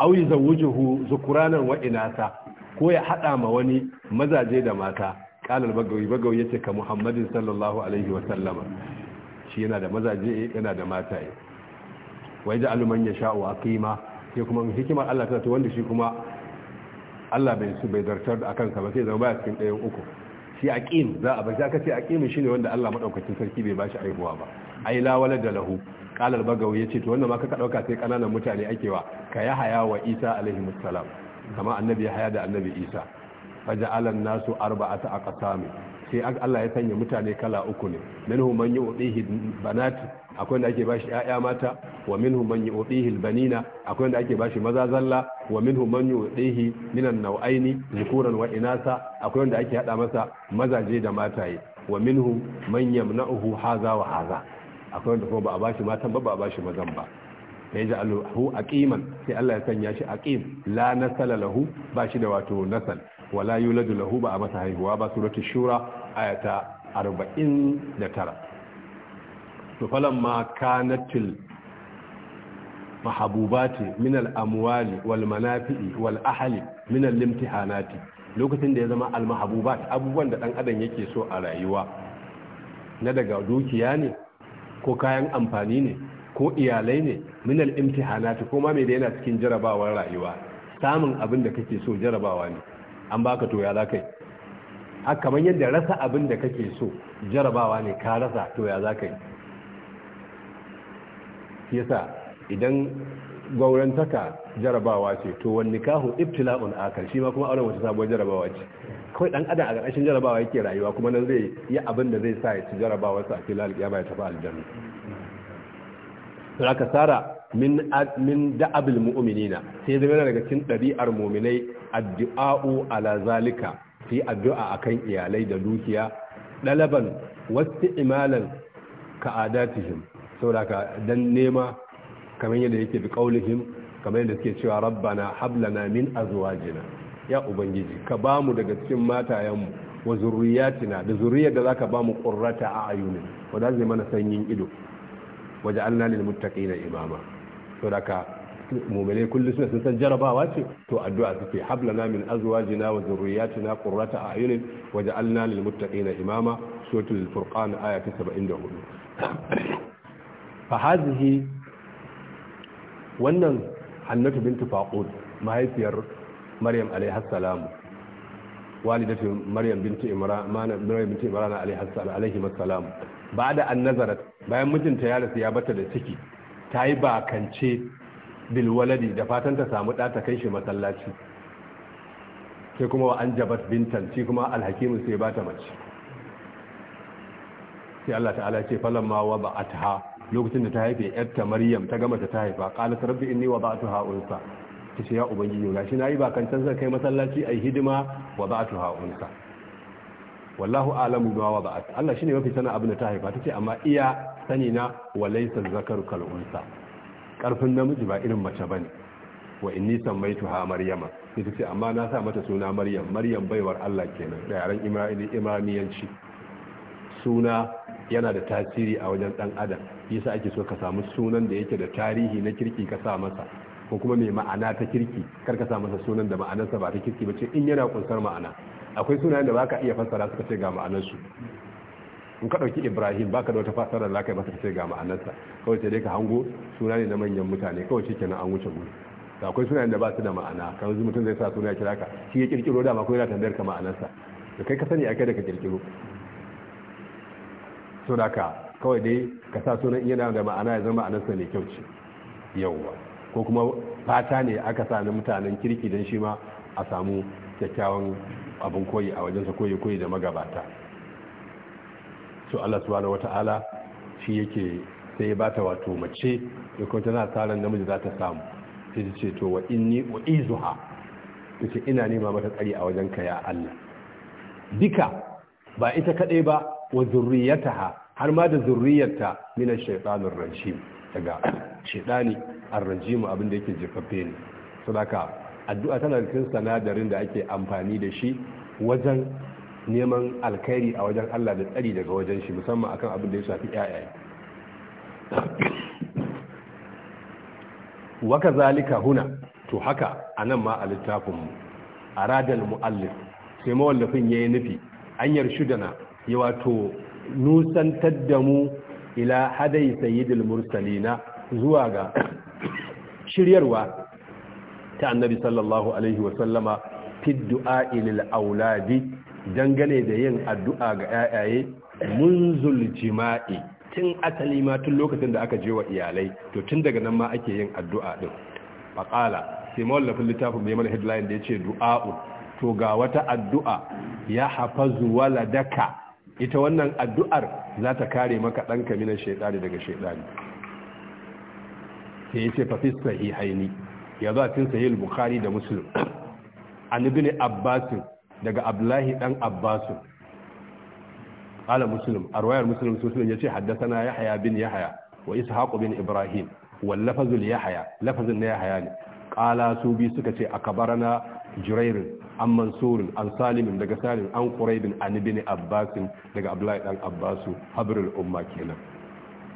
[SPEAKER 1] aw yuzawwijuhu zukuranan wa inasa ko ya hada ma wani mazaje da mata kalal bagawi bagawi ce ka muhammadin sallallahu alaihi wa sallama shi yana da mazaje yana da mata yi wai da aluman ya sha'u aqima sai kuma hikimar Allah ta wanda shi kuma Allah bai su bai zartar da akan ka ba sai zama baya cikin ɗayan uku shi aqim za a bashi aka ce aqim shine wanda Allah madaukakin sarki bai bashi aihuwa ba ai la da lahu qala al ya ce to wannan ma ka ɗauka sai kananan mutane akewa ka yahaya wa Isa alaihi salam kama annabi ya haya da annabi Isa faja'alan nasu arba'ata aqsami sai Allah ya sanya mutane kala uku ne minhum man yu'tihi banat akwai da ake bashi ƴaƴa mata wa minhum man yu'tihi albanina akwai da ake bashi maza zalla wa minhum man yu'tihi minan nau'aini zukuran wa inasa akwai da ake hada masa mazaje da mataye wa minhum man yamna'uhu haza wa haza akwai da kuma ba a bashi matan ba ba a bashi mazan ba ya ji alahu aqiman sai Allah ya sanya shi aqim la nasala lahu ba shi da wato nasal wala yuladu lahu ba a masa haihuwa ba suratul shura ayata 49 to ma kanatil mahabubati min al-amwali wal manafi'i wal ahli min al lokacin da ya zama al-mahabubat abubuwan da dan adam yake so a rayuwa na daga dukiya ne ko kayan amfani ne ko iyalai ne min al-imtihanati ko ma me da yana cikin jarabawar rayuwa samun abin da kake so jarabawa ne an baka to ya za ka yi a kamar yadda rasa abin da kake so jarabawa ne ka rasa to ya za ka yi yasa idan gaurantaka jarabawa ce to wani kahu ibtila'un A karshe ma kuma auren wata sabuwar jarabawa ce kawai dan adam a ƙarƙashin jarabawa yake rayuwa kuma nan zai yi abin da zai sa ya ci jarabawa sa a filal ya tafi aljanna zaka sara min min da'abil mu'minina sai zama daga cikin ɗari'ar mu'minai addu'a'u ala zalika fi addu'a kan iyalai da dukiya dalaban wasu imalan ka'adatihim sauraka dan nema kamar yadda yake bi kaulihim kamar yadda suke cewa rabbana hablana min azwajina ya ubangiji ka bamu daga cikin matayenmu wa zurriyatina da zuriyar da zaka bamu ƙurrata a ayuni wanda zai mana sanyin ido waja'alna lil na imama sauraka mu'mine kullum suna sun san jarabawa ce to addu'a suke hablana min azwajina wa zurriyatina qurrata a'yunin waj'alna lil muttaqina imama suratul furqan aya ta 74 fa hadhihi wannan hannatu bintu faqud mahaifiyar maryam alaiha salam walidatu maryam bintu imran maryam bintu imran alaiha salam alaihi salam ba'da an nazarat bayan mijinta ya rasu ya bata da ciki ta yi bakance bilwaladi da fatan ta samu ɗa ta kai shi masallaci sai kuma wa an jabat bintan shi kuma alhakimu sai ba ta mace sai Allah ta'ala ce falamma wa ba'atha lokacin da ta haife yarta maryam ta gama ta haifa qalat rabbi inni wa ba'atuha unsa tace ya ubangiji gashi nayi ba kan zan kai masallaci ai hidima wa ba'atuha unsa wallahu a'lamu bima wa ba'at Allah shine mafi sanin abin da ta haifa tace amma iya sani na walaysa zakaru kal unsa karfin namiji ba irin mace ba ne wa inni mai tuha maryama ita ce amma na sa mata suna maryam maryam baiwar Allah kenan da yaren imamiyanci suna yana da tasiri a wajen dan adam yasa ake so ka samu sunan da yake da tarihi na kirki ka sa masa ko kuma mai ma'ana ta kirki kar ka sa masa sunan da ma'anarsa ba ta kirki ba ce in yana kunsar ma'ana akwai sunayen da baka iya fassara suka ce ga ma'anarsu in ka ɗauki ibrahim baka da wata fasarar za kai ba sai ga ma'anarsa kawai sai dai ka hango suna ne na manyan mutane kawai shi kenan an wuce gudu da akwai suna da ba su da ma'ana kan mutum zai sa suna kira ka shi ya kirkiro da ko yana tambayar ka ma'anarsa da kai ka sani a kai da ka kirkiro so da ka kawai dai ka sa sunan yana da ma'ana ya zama ma'anarsa mai kyau ce Yawwa, ko kuma fata ne aka sa na mutanen kirki don shi ma a samu kyakkyawan abin koyi a wajensa koyi koyi da magabata to Allah subhanahu wata'ala shi yake sai ya bata wato mace da kuma tana tsarin namiji za ta samu sai ta ce to wa inni wa izuha ta ce ina nema mata tsari a wajen ka ya Allah duka ba ita kadai ba wa ha har ma da zurriyarta min ash-shaytanir rajim daga shaytani ar-rajim abin da yake jefafe ne saboda addu'a tana da sinadarin da ake amfani da shi wajen neman alkhairi a wajen Allah da tsari daga wajen shi musamman akan abin da ya shafi yayaye waka zalika huna to haka anan ma a littafin aradal muallif sai mawallafin yayi nufi an shudana. ya wato nusantar da mu ila hadai Sayyidul mursalina zuwa ga shiryarwa ta annabi sallallahu alaihi sallama fi du'a ilal auladi dangane da yin addu'a ga yayaye munzul jima'i tun asali ma tun lokacin da aka je wa iyalai to tun daga nan ma ake yin addu'a din faqala sai mawallafin littafin mai mana headline da yace du'a'u to ga wata addu'a ya zuwa ladaka ita wannan addu'ar za ta kare maka ɗanka kaminan shaidani daga shaidani sai ya ce fafis sahihaini ya zo a cin bukhari da muslim an abbasin daga abdullahi dan abbasu ala muslim arwayar muslim sun muslim yace haddathana yahya bin yahya wa ishaq bin ibrahim wal lafazul yahya lafazin na yahya ne qala su bi suka ce akbarana jurair an mansur an salim daga salim an quraib an ibn abbas daga abdullahi dan abbasu habrul umma kenan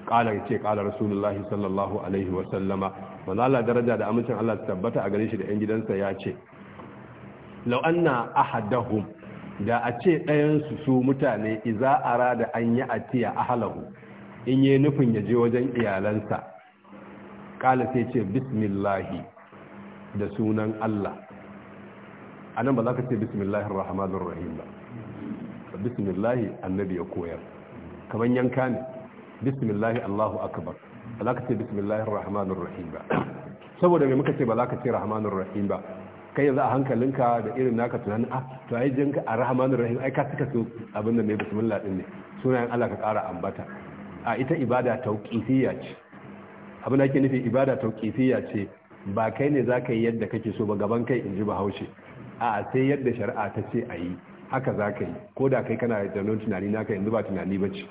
[SPEAKER 1] qala yace qala rasulullahi sallallahu alaihi wa sallama manala daraja da amincin Allah tabbata a gare shi da yan gidansa yace law anna ahadahum da a ce ɗayansu su su mutane iza arada an yi atiya ahlahu in yi nufin ya je wajen iyalansa kala sai ce bismillahi da sunan Allah a nan ba za ka ce bismillahir rahmanir rahim ba bismillahi annabi ya koyar kamar yanka ne bismillahi allahu akabar. ba za ka ce bismillahir rahmanir rahim ba saboda mai muka ce ba za ka ce rahmanir rahim ba kai yanzu a hankalinka da irin naka tunanin a ah, to ai jin ka arhamanur rahim ai ka tuka so abin da mai bismillah din ne sunayen Allah ka ƙara ambata a ita ibada tauqifiyya ce abin da ake nufi ibada tauqifiyya ce ba kai ne zaka yi yadda kake so ba gaban kai inji bahaushe a sai yadda shari'a ta ce a yi haka za yi ko da kai kana da nan tunani naka yanzu ba tunani ba ce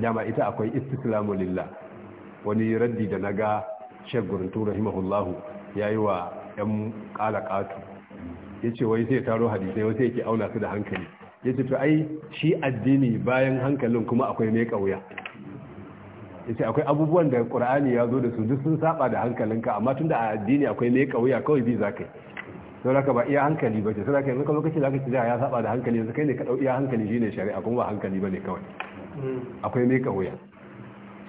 [SPEAKER 1] dama ita akwai istislamu lillah wani raddi da na ga shek gurintu rahimahullahu ya yi wa yan kalakatu ya ce wai sai taro hadisai wasu yake auna su da hankali ya ce to ai shi addini bayan hankalin kuma akwai mai kauya ya ce akwai abubuwan da ƙura'ani ya zo da su duk sun saba da hankalinka amma tun da a addini akwai mai kauya kawai bi za ka yi sau da ka ba iya hankali ba ce sau da ka yanzu ka lokaci za ka ci ya saba da hankali yanzu kai ne ka ɗau iya hankali shi ne shari'a kuma ba hankali ba ne kawai akwai mai kauya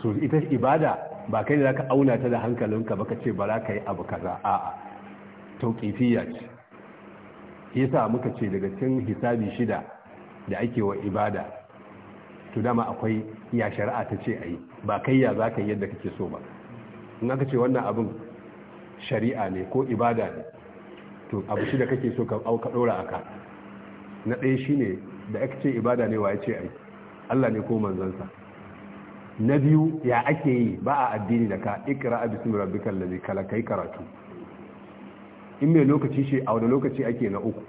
[SPEAKER 1] so ita ibada ba kai ne za ka auna ta da hankalinka ba ka ce ba za ka yi abu kaza a'a tauƙifiyya ce yasa muka ce daga cikin hisabi shida da ake wa ibada to dama akwai ya shari'a ta ce yi, ba kai ya za ka yadda kake so ba in aka ce wannan abin shari'a ne ko ibada ne to abu shida kake so ka auka ɗora aka na ɗaya shine da aka ce ibada ne wa ya ce yi. Allah ne ko manzansa na biyu ya ake yi ba a addini da ka ikra bismi rabbikal ladhi khalaq kai karatu in mai lokaci shi a wani lokaci ake na uku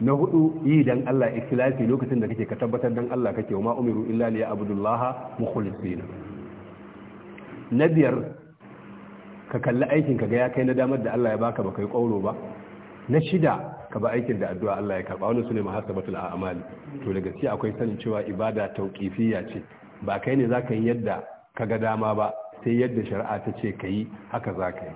[SPEAKER 1] na hudu yi dan Allah ikhlasi lokacin da kake ka tabbatar dan Allah kake wa ma umiru illa li abdullah mukhlisin na biyar ka kalli aikin ka ga ya kai na damar da Allah ya baka ba kai kauro ba na shida ka ba aikin da addu'a Allah ya karba wannan sune muhasabatul a'mal to da gaske akwai sanin cewa ibada tauqifiyya ce ba kai ne zaka yi yadda ka ga dama ba sai yadda shari'a ta ce ka yi haka zaka yi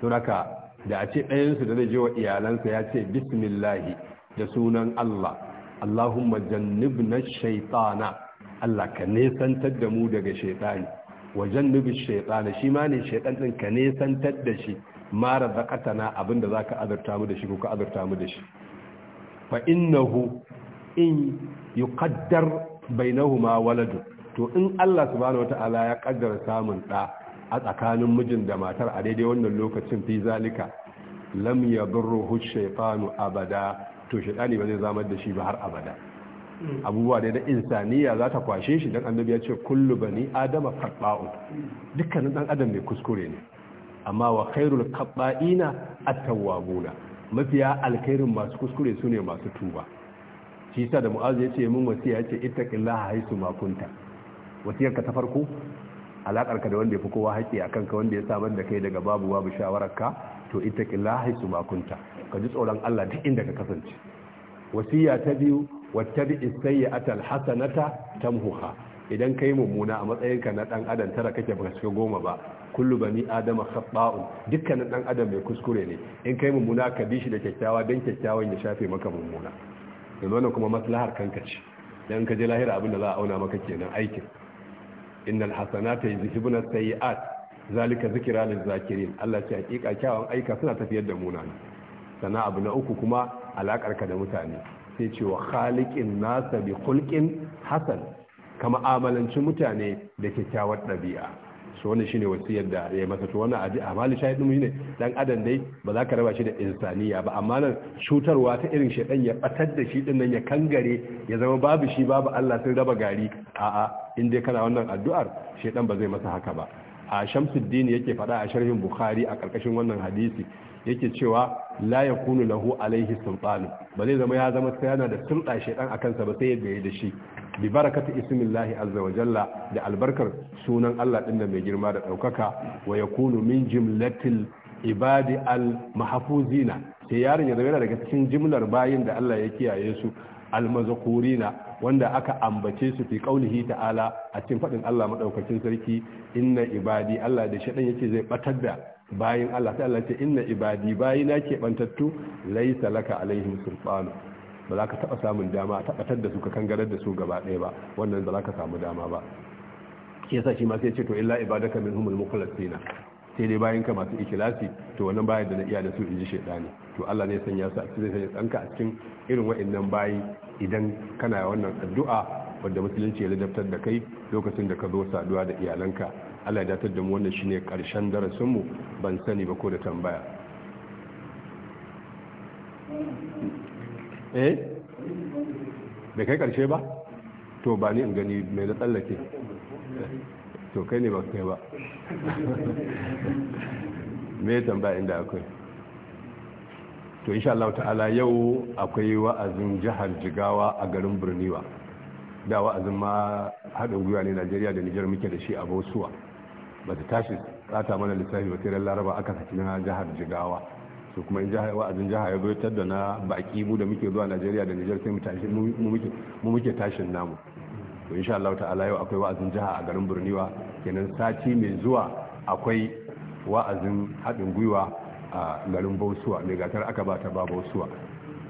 [SPEAKER 1] don haka da a ce ɗayansu da zai je wa iyalansa ya ce bismillahi da sunan Allah Allahumma jannibna shaytana Allah ka nesantar da mu daga shaytani wa jannibi shaytana shi ma ne shaytan din ka nesantar da shi ma razaqatana abinda zaka azurta mu da shi ko ka azurta mu da shi fa innahu in yuqaddar bainahuma waladu to in Allah subhanahu wataala ya kaddara samun da a tsakanin mijin da matar a daidai wannan lokacin fi zalika lam yadurruhu shaytanu abada to shaytani ba zai zamar da shi ba har abada hmm. abubuwa da insaniya za ta kwashe shi dan annabi ya ce kullu bani adama khata'u dukkanin dan adam mai kuskure ne amma wa khairul khata'ina at-tawwabuna mafiya alkhairin masu kuskure sune masu tuba shi yasa da mu'azu ya ce mun wasiya ya ce ittaqillaha haisu ma kunta wasiyarka ta farko alakar ka da wanda ya fi kowa haƙƙi a kanka wanda ya samar da kai daga babu babu shawararka to ita ki su makunta ka ji tsoron Allah duk inda ka kasance wasiya ta biyu wattabi as ya al-hasanata tamhuha idan kai mummuna a matsayin ka na dan adam tara kake baka shiga goma ba kullu bani adama khata'u dukkanin dan adam mai kuskure ne in kai mummuna ka bi shi da kyakkyawa dan kyakkyawan ya shafe maka mummuna yanzu kuma maslahar kanka ce dan ka je lahira abinda za a auna maka kenan aikin innal hasanata yuzhibuna sayiat zalika zikra lil zakirin Allah ce hakika kyawun aika suna tafiyar da munana sana abu na uku kuma alakar ka da mutane sai ce wa khaliqin nasa bi khulqin hasan kama mutane da kyakkyawar ɗabi'a to wannan shine wasiyar da ya masa to wannan abi amali shahidin ne. dan adam dai ba za ka raba shi da insaniya ba amma nan cutarwa ta irin shedan ya batar da shi din nan ya kangare ya zama babu shi babu Allah sun raba gari a'a in dai kana wannan addu'ar shedan ba zai masa haka ba a Shamsuddin yake faɗa a sharhin Bukhari a ƙarƙashin wannan hadisi yake cewa la yakunu lahu alaihi sultanu ba zai zama ya zama sai yana da sulɗa shedan a kansa ba sai ya da shi bi barakati ismillahi azza wa jalla da albarkar sunan Allah din da mai girma da daukaka wa yakunu min jimlatil ibadi al mahfuzina sai yaron ya zama daga cikin jimlar bayin da Allah ya kiyaye su al mazkurina wanda aka ambace su fi qaulihi ta'ala a cikin fadin Allah madaukakin sarki inna ibadi Allah da shaɗan yake zai batar da bayin Allah sai Allah ce inna ibadi bayina ke bantattu laysa laka alaihim sultanu ba za ka taɓa samun dama tabbatar da su ka kangarar da su gaba ɗaya ba wannan ba za ka samu dama ba ya sa shi ma sai ce to illa ibadaka minhumul mukhlasina sai dai bayan ka masu ikilasi to wannan bayan da na iya da su in ji shaidani to Allah ne sanya su a cikin sanya tsanka a cikin irin wa'annan bayi idan kana wannan addu'a wadda musulunci ya ladabtar da kai lokacin da ka zo saduwa da iyalanka Allah ya datar da mu wannan shine karshen darasin mu ban sani ba ko da tambaya eh bai kai karshe ba to ba ni in gani mai na tsallake to kai ne ba kai ba [LAUGHS] me tambaya inda akwai to insha Allah ta'ala yau akwai wa'azin jihar Jigawa a garin Birniwa da wa'azin ma haɗin gwiwa ne Najeriya da Nijar muke da shi a Bosuwa ba ta tashi tsata mana lissafi ba sai ran Laraba aka saki na jihar Jigawa su kuma in jihar wa'azin jiha ya zoitar da na baki mu da muke zuwa najeriya da nijar sai mu muke tashin namu to insha Allah ta'ala yau akwai wa'azin jiha a garin Burniwa kenan sati mai zuwa akwai wa'azin haɗin gwiwa a garin Bausuwa mai gatar aka ba ta ba Bausuwa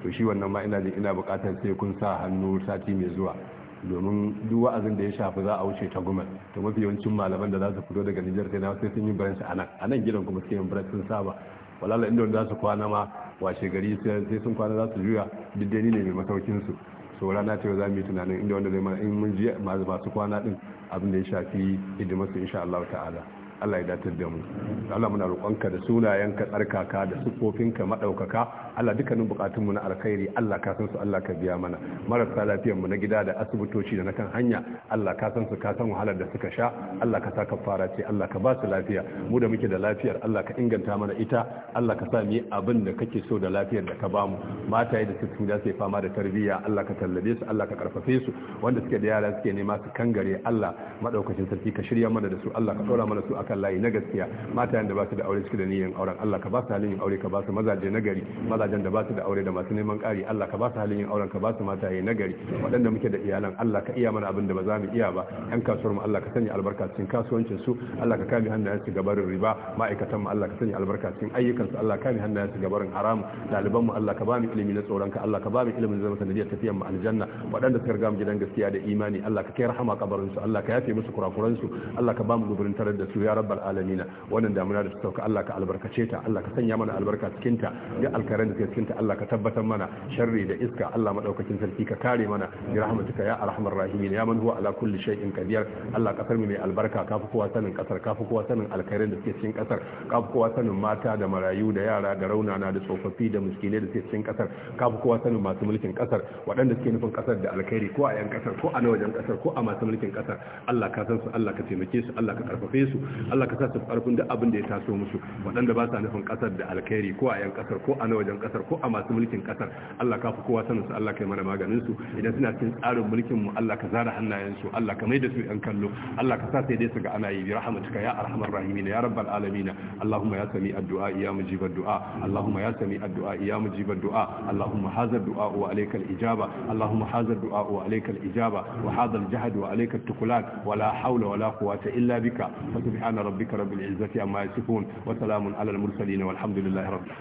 [SPEAKER 1] to shi wannan ma ina ina buƙatar sai kun sa hannu sati mai zuwa domin duk wa'azin da ya shafi za a wuce ta guma to mafi yawancin malaman da za su fito daga Nijar sai na sai sun yi branch a nan a nan gidan kuma sai yin branch sun saba walala inda wanda za su kwana ma washe gari sai sun kwana za su juya duk dai ne mai masaukin su so rana ta yau za mu yi tunanin inda wanda zai mana in mun ji masu kwana din abin da ya shafi hidimar su insha Allah ta'ala Allah ya datar da mu Allah muna roƙonka da sunayenka tsarkaka da siffofinka madaukaka Allah dukkanin bukatunmu na alkhairi Allah ka san su Allah ka biya mana marasa lafiyar mu na gida da asibitoci da na kan hanya Allah ka san su ka san wahalar da suka sha Allah ka sa fara ce Allah ka ba su lafiya mu da muke da lafiyar Allah ka inganta mana ita Allah ka sa mu abin da kake so da lafiyar da ka ba mu mataye da suke da suke fama da tarbiyya Allah ka tallabe su Allah ka karfafe su wanda suke da yara suke nema su kangare Allah madaukakin sarki ka shirya mana da su Allah ka dora mana su akan layi na gaskiya mata da ba su da aure suke da niyyar auren Allah ka ba su halin yin aure ka ba su mazaje na gari maza mazajen da ba su da aure da masu neman ƙari Allah ka ba su halin yin auren ka ba su yayi nagari waɗanda muke da iyalan Allah ka iya mana abin da ba za mu iya ba yan kasuwar mu Allah ka sanya albarka cikin kasuwancin su Allah ka kame hannayen su gabarin riba ma'aikatan mu Allah ka sanya albarka cikin ayyukan su Allah ka kame hannayen su gabarin haram ɗaliban mu Allah ka ba mu ilimi na tsoron ka Allah ka ba mu ilimin zama sanadiyar tafiyan mu aljanna waɗanda suka riga mu gidan gaskiya da imani Allah ka kai rahama kabarin su Allah ka yafe musu kurakuran su Allah ka ba mu gubrin tarar da su ya rabbal alamin wannan damuna da su sauka Allah ka albarkace ta Allah ka sanya mana albarka cikin ta ya alkaran suke cikin ta Allah ka tabbatar mana sharri da iska Allah madaukakin sarki ka kare mana bi rahmatika ya arhamar rahimin ya man huwa ala kulli shay'in qadir Allah ka mu mai albarka ka fi kowa sanin kasar ka fi kowa sanin alkhairin da suke cikin kasar ka fi kowa sanin mata da marayu da yara da raunana da tsofaffi da miskinai da suke cikin kasar ka fi kowa sanin masu mulkin kasar waɗanda suke nufin kasar da alkhairi ko a yan kasar ko a na wajen kasar ko a masu mulkin kasar Allah ka san su Allah ka taimake su Allah ka karfafe su Allah ka sa su karfin duk abin da ya taso musu waɗanda ba sa nufin kasar da alkhairi ko a yan kasar ko a na wajen kasar ko a masu mulkin kasar Allah ka fi kowa sanin su Allah kai mana maganin su idan suna cikin tsarin mulkin mu Allah ka zara hannayen su Allah ka da su yan kallo Allah ka sa sai dai su ga ana yi bi rahmatuka ya arhamar rahimin ya rabbal alamin Allahumma ya sami addu'a ya mujibad du'a Allahumma ya sami addu'a ya mujibad du'a Allahumma hadha du'a wa alayka ijaba Allahumma hadha du'a wa alayka ijaba wa hadha jahd wa alayka at wa la hawla wa la quwwata illa bika fa subhana rabbika rabbil izzati amma yasifun wa salamun ala al-mursalin والحمد لله رب العالمين